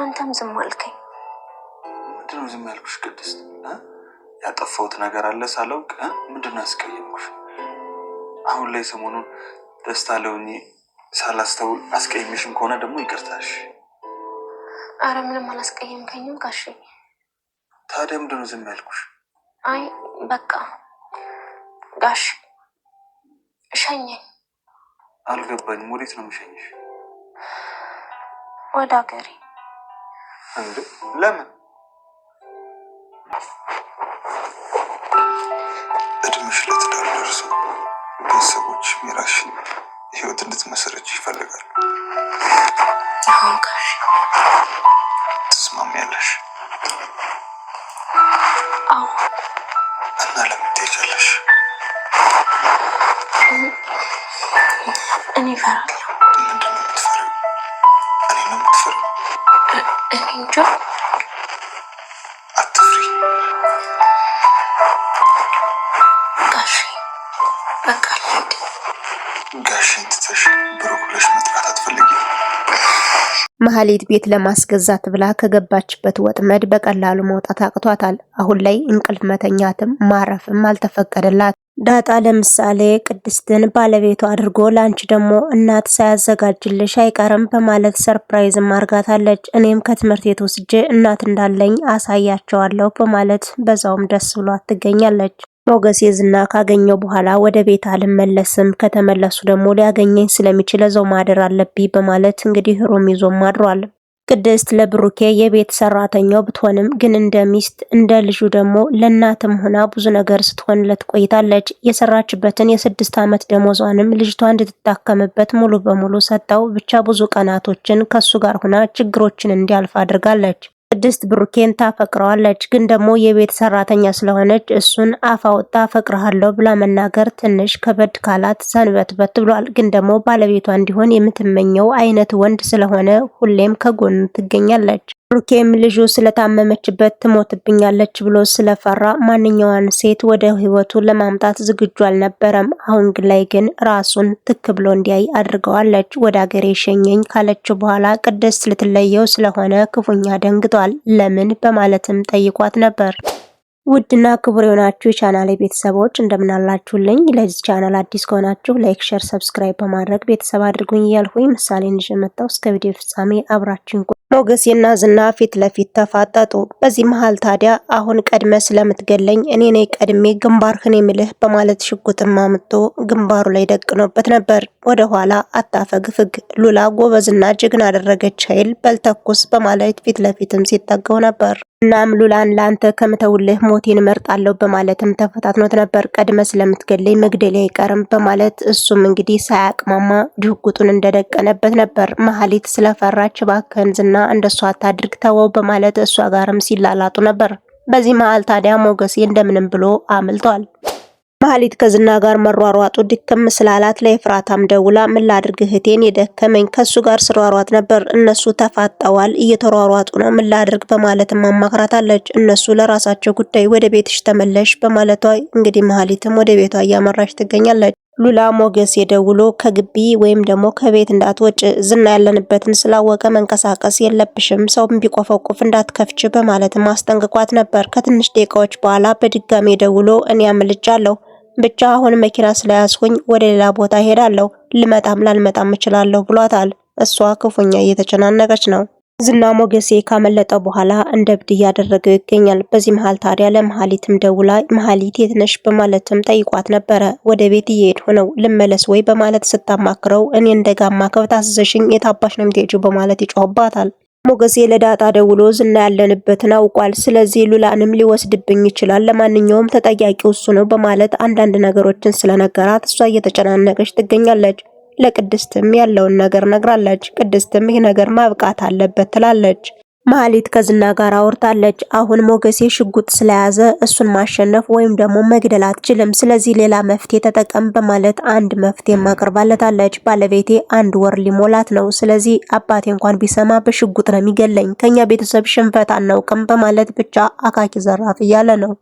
አንተም ዝም አልከኝ። ምንድነው ዝም ያልኩሽ ቅድስት? ያጠፋሁት ነገር አለ ሳላውቅ? ነው ያስቀየምኩሽ? አሁን ላይ ሰሞኑን ደስታ ለውኝ ሳላስተውል አስቀየምሽም ከሆነ ደግሞ ይቅርታሽ። አረ ምንም አላስቀየምከኝም ጋሽ ታዲያ ምንድነው ዝም ያልኩሽ? አይ በቃ ጋሽ ሸኘኝ። አልገባኝም። ወዴት ነው የምሸኝሽ? ወደ ሀገሬ እንዴ ለምን እድምሽ ለትዳር ደርሶ ቤተሰቦች የራስሽን ህይወት እንድትመሰረች ይፈልጋሉ። ትስማሚያለሽ? አዎ። እና ለምን ትሄጃለሽ? እኔ እፈራለሁ ጋሽን ትተሽ ብሩክ ብለሽ መጥራት መሀሌት ቤት ለማስገዛት ብላ ከገባችበት ወጥመድ በቀላሉ መውጣት አቅቷታል። አሁን ላይ እንቅልፍ መተኛትም ማረፍም አልተፈቀደላት። ዳጣ ለምሳሌ ቅድስትን ባለቤቱ አድርጎ ላንች ደግሞ እናት ሳያዘጋጅልሽ አይቀርም በማለት ሰርፕራይዝም አርጋታለች። እኔም ከትምህርት ቤት ወስጄ እናት እንዳለኝ አሳያቸዋለሁ በማለት በዛውም ደስ ብሏት ትገኛለች። ሞገስ የዝና ካገኘው በኋላ ወደ ቤት አልመለስም፣ ከተመለሱ ደግሞ ሊያገኘኝ ስለሚችል እዛው ማደር አለብኝ በማለት እንግዲህ ሩም ይዞም አድሯል። ቅድስት ለብሩኬ የቤት ሰራተኛው ብትሆንም ግን እንደ ሚስት እንደ ልጁ ደግሞ ለእናትም ሆና ብዙ ነገር ስትሆንለት ቆይታለች። የሰራችበትን የስድስት ዓመት ደሞዟንም ልጅቷ እንድትታከምበት ሙሉ በሙሉ ሰጠው። ብቻ ብዙ ቀናቶችን ከሱ ጋር ሆና ችግሮችን እንዲያልፍ አድርጋለች። ቅድስት ብሩኬን ታፈቅረዋለች፣ ግን ደግሞ የቤት ሰራተኛ ስለሆነች እሱን አፋውጣ አውጣ ፈቅረሃለሁ ብላ መናገር ትንሽ ከበድ ካላት ሰንበትበት ብሏል። ግን ደግሞ ባለቤቷ እንዲሆን የምትመኘው አይነት ወንድ ስለሆነ ሁሌም ከጎኑ ትገኛለች። ብሩኬም ልጁ ስለታመመችበት ትሞትብኛለች ብሎ ስለፈራ ማንኛዋን ሴት ወደ ህይወቱ ለማምጣት ዝግጁ አልነበረም። አሁን ላይ ግን ራሱን ትክ ብሎ እንዲያይ አድርገዋለች። ወደ አገሬ ሸኘኝ ካለችው በኋላ ቅድስት ልትለየው ስለሆነ ክፉኛ ደንግጧል። ለምን በማለትም ጠይቋት ነበር። ውድና ክቡር የሆናችሁ የቻናል ቤተሰቦች እንደምናላችሁልኝ። ለዚህ ቻናል አዲስ ከሆናችሁ ላይክ፣ ሸር፣ ሰብስክራይብ በማድረግ ቤተሰብ አድርጉኝ እያልሁኝ ምሳሌ ይዤ እስከ ቪዲዮ ፍጻሜ አብራችን ሞገሴና ዝና ፊት ለፊት ተፋጠጡ። በዚህ መሃል ታዲያ አሁን ቀድመ ስለምትገለኝ እኔ ነኝ ቀድሜ ግንባርህን የሚልህ በማለት ሽጉጥም አምጥቶ ግንባሩ ላይ ደቅኖበት ነበር። ወደ ኋላ አታፈግፍግ፣ ሉላ ጎበዝና ጀግና አደረገች ኃይል በልተኩስ በማለት ፊት ለፊትም ሲጠገው ነበር። እናም ሉላን ለአንተ ከምተውልህ ሞቴን እመርጣለሁ በማለትም ተፈታትኖት ነበር። ቀድመ ስለምትገለይ መግደሌ አይቀርም በማለት እሱም እንግዲህ ሳያቅማማ ድህጉጡን እንደደቀነበት ነበር። መሀሊት ስለፈራች ባክህን ዝና እንደሷ አታድርግ ተወው በማለት እሷ ጋርም ሲላላጡ ነበር። በዚህ መሀል ታዲያ ሞገሴ እንደምንም ብሎ አምልቷል። ማህሌት ከዝና ጋር መሯሯጡ ድክም ስላላት ለኤፍራታም ደውላ ምን ላድርግ እህቴን የደከመኝ ከሱ ጋር ስሯሯጥ ነበር እነሱ ተፋጠዋል እየተሯሯጡ ነው ምን ላድርግ በማለትም አማክራታለች። እነሱ ለራሳቸው ጉዳይ ወደ ቤትሽ ተመለሽ በማለቷ እንግዲህ ማህሊትም ወደ ቤቷ እያመራች ትገኛለች። ሉላ ሞገስ የደውሎ ከግቢ ወይም ደግሞ ከቤት እንዳትወጭ ዝና ያለንበትን ስላወቀ መንቀሳቀስ የለብሽም ሰውም ቢቆፈቁፍ እንዳትከፍች በማለትም አስጠንቅቋት ነበር። ከትንሽ ደቂቃዎች በኋላ በድጋሚ ደውሎ እኔ አምልጫለሁ ብቻ አሁን መኪና ስለያዝኩኝ ወደ ሌላ ቦታ ሄዳለሁ፣ ልመጣም ላልመጣም እችላለሁ ብሏታል። እሷ ክፉኛ እየተጨናነቀች ነው። ዝና ሞገሴ ካመለጠ በኋላ እንደ እብድ እያደረገው ይገኛል። በዚህ መሀል ታዲያ ለመሀሊትም ደውላ መሀሊት የት ነሽ በማለትም ጠይቋት ነበረ። ወደ ቤት እየሄድኩ ነው ልመለስ ወይ በማለት ስታማክረው እኔ እንደ ጋማ ከብት አስዘሽኝ የታባሽ ነው የምትሄጂው በማለት ይጮህባታል። ሞገሴ ለዳጣ ደውሎ ዝና ያለንበትን አውቋል። ስለዚህ ሉላንም ሊወስድብኝ ይችላል። ለማንኛውም ተጠያቂው እሱ ነው በማለት አንዳንድ ነገሮችን ስለነገራት እሷ እየተጨናነቀች ትገኛለች። ለቅድስትም ያለውን ነገር ነግራለች። ቅድስትም ይህ ነገር ማብቃት አለበት ትላለች። መሀሊት ከዝና ጋር አውርታለች። አሁን ሞገሴ ሽጉጥ ስለያዘ እሱን ማሸነፍ ወይም ደግሞ መግደል አትችልም፣ ስለዚህ ሌላ መፍትሄ ተጠቀም በማለት አንድ መፍትሄ ማቅርባለታለች። ባለቤቴ አንድ ወር ሊሞላት ነው፣ ስለዚህ አባቴ እንኳን ቢሰማ በሽጉጥ ነው የሚገለኝ፣ ከኛ ቤተሰብ ሽንፈት አናውቅም በማለት ብቻ አካኪ ዘራፍ እያለ ነው።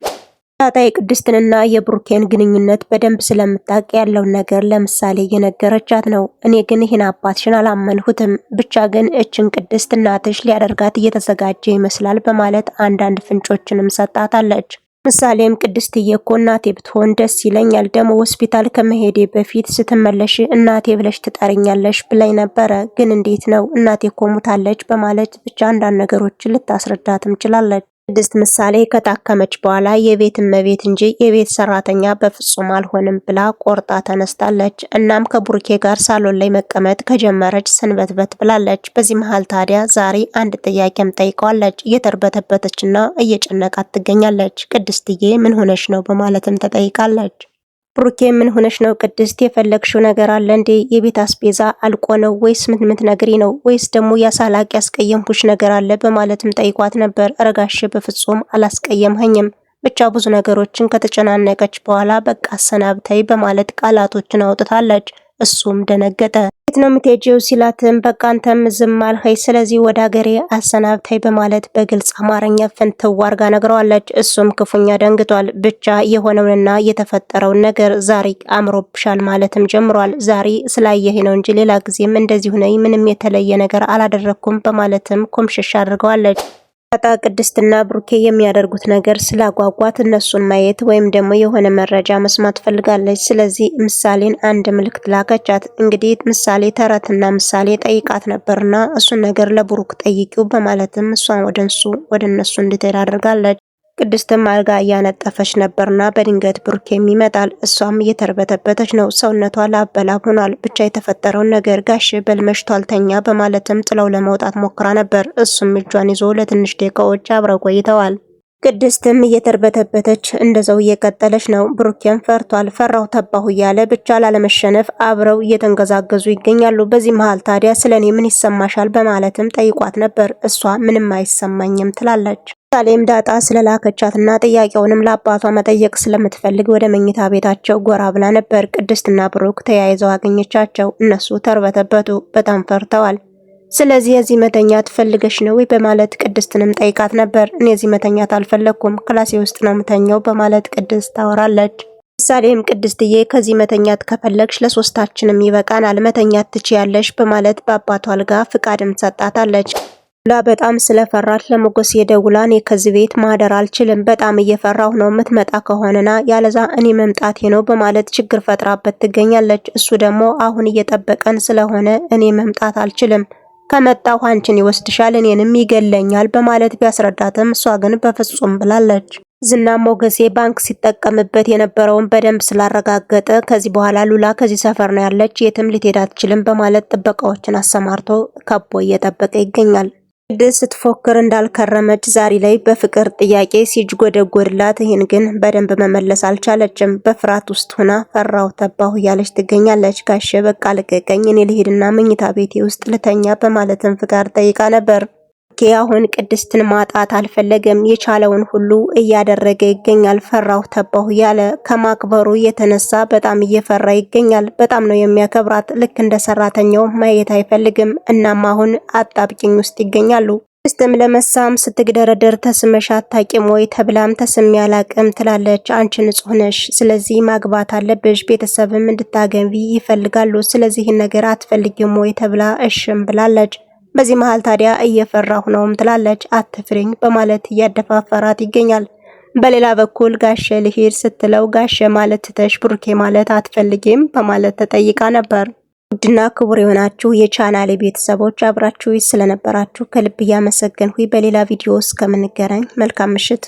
ዳጣ የቅድስትንና የብሩኬን ግንኙነት በደንብ ስለምታውቅ ያለውን ነገር ለምሳሌ እየነገረቻት ነው። እኔ ግን ይህን አባትሽን አላመንሁትም፣ ብቻ ግን እችን ቅድስት እናትሽ ሊያደርጋት እየተዘጋጀ ይመስላል በማለት አንዳንድ ፍንጮችንም ሰጣታለች። ምሳሌም ቅድስትዬ እኮ እናቴ ብትሆን ደስ ይለኛል፣ ደግሞ ሆስፒታል ከመሄዴ በፊት ስትመለሽ እናቴ ብለሽ ትጠርኛለሽ ብላኝ ነበረ፣ ግን እንዴት ነው እናቴ እኮ ሙታለች በማለት ብቻ አንዳንድ ነገሮችን ልታስረዳትም ችላለች። ቅድስት ምሳሌ ከታከመች በኋላ የቤት እመቤት እንጂ የቤት ሰራተኛ በፍጹም አልሆንም ብላ ቆርጣ ተነስታለች። እናም ከቡርኬ ጋር ሳሎን ላይ መቀመጥ ከጀመረች ስንበትበት ብላለች። በዚህ መሀል ታዲያ ዛሬ አንድ ጥያቄም ጠይቀዋለች። እየተርበተበተችና እየጨነቃት ትገኛለች። ቅድስትዬ ምን ሆነች ነው በማለትም ተጠይቃለች። ብሩኬ ምን ሆነሽ ነው ቅድስት? የፈለግሽው ነገር አለ እንዴ? የቤት አስቤዛ አልቆ ነው ወይስ ምን ምትነግሪ ነው? ወይስ ደግሞ ያሳላቅ ያስቀየምኩሽ ነገር አለ? በማለትም ጠይቋት ነበር። ረጋሽ በፍጹም አላስቀየምኸኝም፣ ብቻ ብዙ ነገሮችን ከተጨናነቀች በኋላ በቃ አሰናብተይ በማለት ቃላቶችን አውጥታለች። እሱም ደነገጠ። የት ነው የምትሄጂው ሲላትም በቃ አንተም ዝም አልኸኝ፣ ስለዚህ ወደ ሀገሬ አሰናብታይ በማለት በግልጽ አማርኛ ፍንትው አርጋ ነግረዋለች። እሱም ክፉኛ ደንግጧል። ብቻ የሆነውንና የተፈጠረውን ነገር ዛሬ አምሮብሻል ማለትም ጀምሯል። ዛሬ ስላየህ ነው እንጂ ሌላ ጊዜም እንደዚሁ ነኝ፣ ምንም የተለየ ነገር አላደረግኩም በማለትም ኮምሽሽ አድርገዋለች። ሻጣ ቅድስትና ብሩኬ የሚያደርጉት ነገር ስላጓጓት እነሱን ማየት ወይም ደግሞ የሆነ መረጃ መስማት ፈልጋለች። ስለዚህ ምሳሌን አንድ ምልክት ላከቻት። እንግዲህ ምሳሌ ተረትና ምሳሌ ጠይቃት ነበርና እሱን ነገር ለብሩክ ጠይቂው በማለትም እሷን ወደ እሱ ወደ እነሱ እንድትሄድ አድርጋለች። ቅድስትም አልጋ እያነጠፈች ነበርና በድንገት ብሩኬም ይመጣል። እሷም እየተርበተበተች ነው፣ ሰውነቷ ላበላብ ሆኗል። ብቻ የተፈጠረውን ነገር ጋሽ በልመሽቷል ተኛ በማለትም ጥለው ለመውጣት ሞክራ ነበር። እሱም እጇን ይዞ ለትንሽ ደቂቃዎች አብረው ቆይተዋል። ቅድስትም እየተርበተበተች እንደዛው እየቀጠለች ነው። ብሩኬም ፈርቷል። ፈራሁ ተባሁ እያለ ብቻ ላለመሸነፍ አብረው እየተንገዛገዙ ይገኛሉ። በዚህ መሀል ታዲያ ስለኔ ምን ይሰማሻል በማለትም ጠይቋት ነበር። እሷ ምንም አይሰማኝም ትላለች። ምሳሌም ዳጣ ስለላከቻትና ጥያቄውንም ለአባቷ መጠየቅ ስለምትፈልግ ወደ መኝታ ቤታቸው ጎራ ብላ ነበር። ቅድስትና ብሩክ ተያይዘው አገኘቻቸው። እነሱ ተርበተበቱ፣ በጣም ፈርተዋል። ስለዚህ የዚህ መተኛት ፈልገሽ ነው ወይ በማለት ቅድስትንም ጠይቃት ነበር። እኔ የዚህ መተኛት አልፈለግኩም ክላሴ ውስጥ ነው ምተኛው በማለት ቅድስት ታወራለች። ምሳሌም ቅድስትዬ ከዚህ መተኛት ከፈለግሽ ለሶስታችንም ይበቃናል መተኛት ትችያለሽ በማለት በአባቷ አልጋ ፍቃድም ሰጣታለች። ላ በጣም ስለፈራች ለሞገስ የደውላ እኔ ከዚህ ቤት ማደር አልችልም፣ በጣም እየፈራሁ ነው፣ የምትመጣ ከሆነና ያለዛ እኔ መምጣቴ ነው በማለት ችግር ፈጥራበት ትገኛለች። እሱ ደግሞ አሁን እየጠበቀን ስለሆነ እኔ መምጣት አልችልም፣ ከመጣሁ አንቺን ይወስድሻል፣ እኔንም ይገለኛል በማለት ቢያስረዳትም እሷ ግን በፍጹም ብላለች። ዝና ሞገሴ ባንክ ሲጠቀምበት የነበረውን በደንብ ስላረጋገጠ ከዚህ በኋላ ሉላ ከዚህ ሰፈር ነው ያለች፣ የትም ልትሄድ አትችልም በማለት ጥበቃዎችን አሰማርቶ ከቦ እየጠበቀ ይገኛል። ድ ስትፎክር እንዳልከረመች ዛሬ ላይ በፍቅር ጥያቄ ሲጅጎደጎድላት ይህን ግን በደንብ መመለስ አልቻለችም። በፍርሃት ውስጥ ሆና ፈራው ተባሁ እያለች ትገኛለች። ጋሼ በቃ ልቀቀኝ፣ እኔ ልሄድና መኝታ ቤቴ ውስጥ ልተኛ በማለትም ፍቃድ ጠይቃ ነበር። ብሩኬ አሁን ቅድስትን ማጣት አልፈለገም። የቻለውን ሁሉ እያደረገ ይገኛል። ፈራሁ ተባሁ ያለ ከማክበሩ የተነሳ በጣም እየፈራ ይገኛል። በጣም ነው የሚያከብራት። ልክ እንደ ሰራተኛው ማየት አይፈልግም። እናም አሁን አጣብቂኝ ውስጥ ይገኛሉ። ቅድስትም ለመሳም ስትግደረደር ተስመሽ አታቂም ወይ ተብላም ተስሜ አላቅም ትላለች። አንቺ ንጹህ ነሽ፣ ስለዚህ ማግባት አለብሽ፣ ቤተሰብም እንድታገቢ ይፈልጋሉ፣ ስለዚህ ነገር አትፈልጊም ወይ ተብላ እሽም ብላለች። በዚህ መሃል ታዲያ እየፈራሁ ነውም ትላለች። አትፍሪኝ በማለት እያደፋፈራት ይገኛል። በሌላ በኩል ጋሸ ልሂድ ስትለው ጋሸ ማለት ትተሽ ብሩኬ ማለት አትፈልጊም በማለት ተጠይቃ ነበር። ውድና ክቡር የሆናችሁ የቻናሌ ቤተሰቦች አብራችሁ ስለነበራችሁ ከልብ እያመሰገንሁ በሌላ ቪዲዮ እስከምንገናኝ መልካም ምሽት።